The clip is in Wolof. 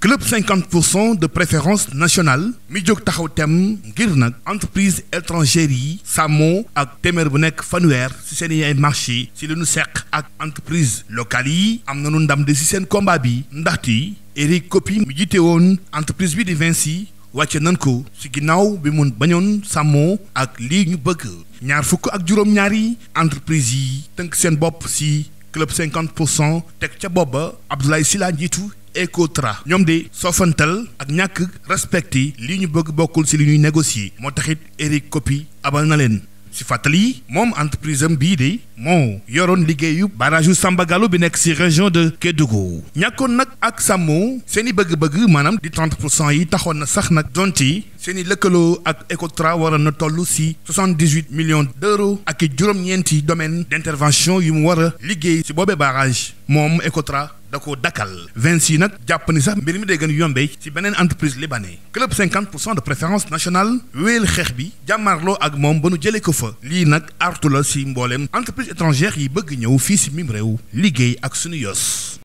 club 50 pour cent de préférence nationale mi jóg taxaw tem ngir nag entreprise étrangère yi sàmmoo ak téeméer bu nekk fanweer si seen i marché si li nu seq ak entreprise locale yi am nañu ndam de si seen combat bi ndaxte Eric Copy mi jiite woon entreprise bi di Vinci wàcce nan ko ci ginnaaw bi mun bañoon sàmmoo ak lii ñu bëgg ñaar fukk ak juróom-ñaari entreprise yi tënk seen bopp si club 50 pour cent teg ca booba Abdoulaye Sylla njiitu Ecotra ñoom di soofantal ak ñàkk respecté li ñu bëgg bokkul ci li ñuy négocier moo taxit Eric Kopi abal na leen ci fàttali moom entreprise am bii de moo yoroon liggéeyu barrage yu Gallo bi nekk ci région de Kédougou ñàkkoon nag ak sàmmo seeni bëgg-bëgg maanaam di 30 pour cent yi taxoon na sax nag donti seen i lëkkaloo ak Ecotra waroon na toll ci 78 millions d'euros ak i juróom-ñeenti domaine d'intervention yu mu war a liggéey ci boobee barrage moom Ecotra da ko dakkal vingt yi nag jàpp ni sax mbir mi day gën yombee ci beneen entreprise libanais club cinquante pour cent de préférence nationale wéyal xeex bi jàmmaarloo ak moom ba nu jëlee ko fa lii nag artu la si mbooleem entreprise étrangère yi bëgg ñëw fii si mim réew liggéey ak sunu yos